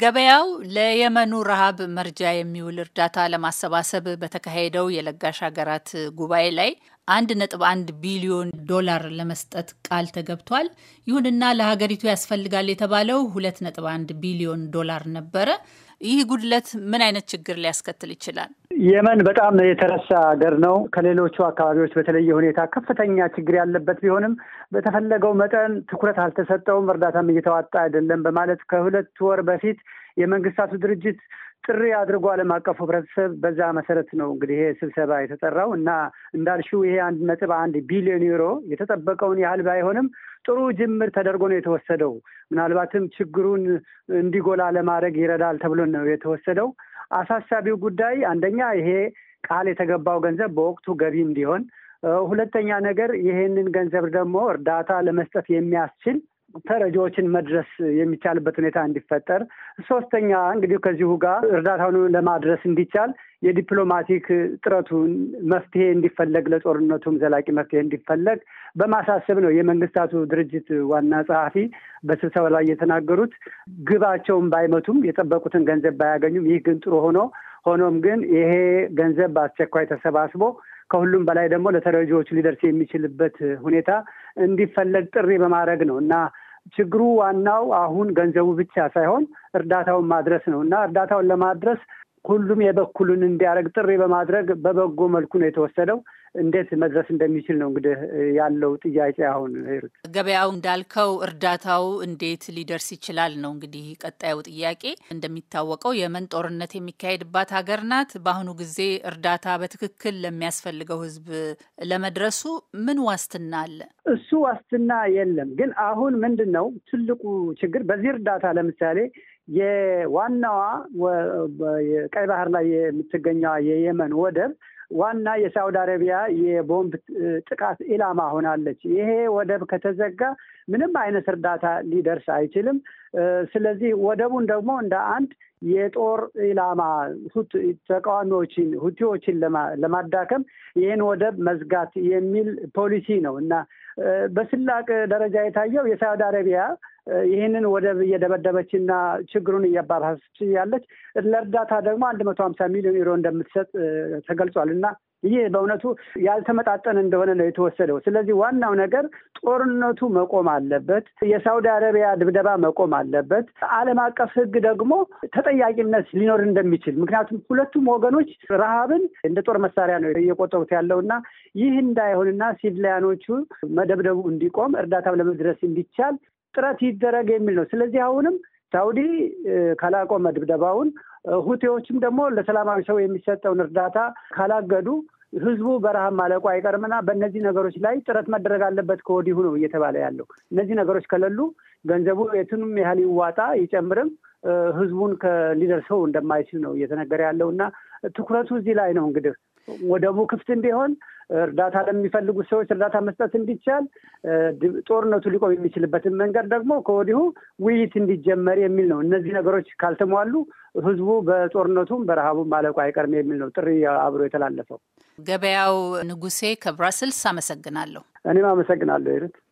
ገበያው ለየመኑ ረሃብ መርጃ የሚውል እርዳታ ለማሰባሰብ በተካሄደው የለጋሽ ሀገራት ጉባኤ ላይ አንድ ነጥብ አንድ ቢሊዮን ዶላር ለመስጠት ቃል ተገብቷል። ይሁንና ለሀገሪቱ ያስፈልጋል የተባለው ሁለት ነጥብ አንድ ቢሊዮን ዶላር ነበረ። ይህ ጉድለት ምን አይነት ችግር ሊያስከትል ይችላል? የመን በጣም የተረሳ ሀገር ነው። ከሌሎቹ አካባቢዎች በተለየ ሁኔታ ከፍተኛ ችግር ያለበት ቢሆንም በተፈለገው መጠን ትኩረት አልተሰጠውም፣ እርዳታም እየተዋጣ አይደለም በማለት ከሁለት ወር በፊት የመንግስታቱ ድርጅት ጥሪ አድርጎ ዓለም አቀፉ ህብረተሰብ በዛ መሰረት ነው እንግዲህ ይሄ ስብሰባ የተጠራው እና እንዳልሽው ይሄ አንድ ነጥብ አንድ ቢሊዮን ዩሮ የተጠበቀውን ያህል ባይሆንም ጥሩ ጅምር ተደርጎ ነው የተወሰደው። ምናልባትም ችግሩን እንዲጎላ ለማድረግ ይረዳል ተብሎ ነው የተወሰደው። አሳሳቢው ጉዳይ አንደኛ ይሄ ቃል የተገባው ገንዘብ በወቅቱ ገቢ እንዲሆን፣ ሁለተኛ ነገር ይሄንን ገንዘብ ደግሞ እርዳታ ለመስጠት የሚያስችል ተረጂዎችን መድረስ የሚቻልበት ሁኔታ እንዲፈጠር፣ ሶስተኛ እንግዲህ ከዚሁ ጋር እርዳታውን ለማድረስ እንዲቻል የዲፕሎማቲክ ጥረቱ መፍትሄ እንዲፈለግ ለጦርነቱም ዘላቂ መፍትሄ እንዲፈለግ በማሳሰብ ነው የመንግስታቱ ድርጅት ዋና ጸሐፊ በስብሰባ ላይ የተናገሩት። ግባቸውን ባይመቱም የጠበቁትን ገንዘብ ባያገኙም፣ ይህ ግን ጥሩ ሆኖ ሆኖም ግን ይሄ ገንዘብ በአስቸኳይ ተሰባስቦ ከሁሉም በላይ ደግሞ ለተረጂዎቹ ሊደርስ የሚችልበት ሁኔታ እንዲፈለግ ጥሪ በማድረግ ነው እና ችግሩ ዋናው አሁን ገንዘቡ ብቻ ሳይሆን እርዳታውን ማድረስ ነው እና እርዳታውን ለማድረስ ሁሉም የበኩሉን እንዲያደርግ ጥሪ በማድረግ በበጎ መልኩ ነው የተወሰደው። እንዴት መድረስ እንደሚችል ነው እንግዲህ ያለው ጥያቄ። አሁን ሄሩት ገበያው እንዳልከው እርዳታው እንዴት ሊደርስ ይችላል ነው እንግዲህ ቀጣዩ ጥያቄ። እንደሚታወቀው የመን ጦርነት የሚካሄድባት ሀገር ናት። በአሁኑ ጊዜ እርዳታ በትክክል ለሚያስፈልገው ህዝብ ለመድረሱ ምን ዋስትና አለ? እሱ ዋስትና የለም። ግን አሁን ምንድን ነው ትልቁ ችግር በዚህ እርዳታ ለምሳሌ የዋናዋ ቀይ ባህር ላይ የምትገኘዋ የየመን ወደብ ዋና የሳውዲ አረቢያ የቦምብ ጥቃት ኢላማ ሆናለች። ይሄ ወደብ ከተዘጋ ምንም አይነት እርዳታ ሊደርስ አይችልም። ስለዚህ ወደቡን ደግሞ እንደ አንድ የጦር ኢላማ ተቃዋሚዎችን ሁቲዎችን ለማዳከም ይህን ወደብ መዝጋት የሚል ፖሊሲ ነው እና በስላቅ ደረጃ የታየው የሳውዲ አረቢያ ይህንን ወደብ እየደበደበችና ችግሩን እያባባሰች ያለች ለእርዳታ ደግሞ አንድ መቶ ሀምሳ ሚሊዮን ዩሮ እንደምትሰጥ ተገልጿል እና ይህ በእውነቱ ያልተመጣጠን እንደሆነ ነው የተወሰደው። ስለዚህ ዋናው ነገር ጦርነቱ መቆም አለበት። የሳውዲ አረቢያ ድብደባ መቆም አለበት። ዓለም አቀፍ ሕግ ደግሞ ተጠያቂነት ሊኖር እንደሚችል ምክንያቱም ሁለቱም ወገኖች ረሃብን እንደ ጦር መሳሪያ ነው እየቆጠሩት ያለው እና ይህ እንዳይሆንና ሲቪሊያኖቹ መደብደቡ እንዲቆም እርዳታም ለመድረስ እንዲቻል ጥረት ይደረግ የሚል ነው። ስለዚህ አሁንም ሳውዲ ካላቆመ ድብደባውን፣ ሁቴዎችም ደግሞ ለሰላማዊ ሰው የሚሰጠውን እርዳታ ካላገዱ ህዝቡ በረሃብ ማለቁ አይቀርምና በእነዚህ ነገሮች ላይ ጥረት መደረግ አለበት ከወዲሁ ነው እየተባለ ያለው። እነዚህ ነገሮች ከሌሉ ገንዘቡ የቱንም ያህል ይዋጣ ይጨምርም ህዝቡን ሊደርሰው እንደማይችል ነው እየተነገረ ያለው እና ትኩረቱ እዚህ ላይ ነው እንግዲህ ወደቡ ክፍት እንዲሆን እርዳታ ለሚፈልጉ ሰዎች እርዳታ መስጠት እንዲቻል ጦርነቱ ሊቆም የሚችልበትን መንገድ ደግሞ ከወዲሁ ውይይት እንዲጀመር የሚል ነው። እነዚህ ነገሮች ካልተሟሉ ህዝቡ በጦርነቱም በረሃቡም ማለቁ አይቀርም የሚል ነው ጥሪ አብሮ የተላለፈው። ገበያው ንጉሴ ከብራስልስ አመሰግናለሁ። እኔም አመሰግናለሁ ይርት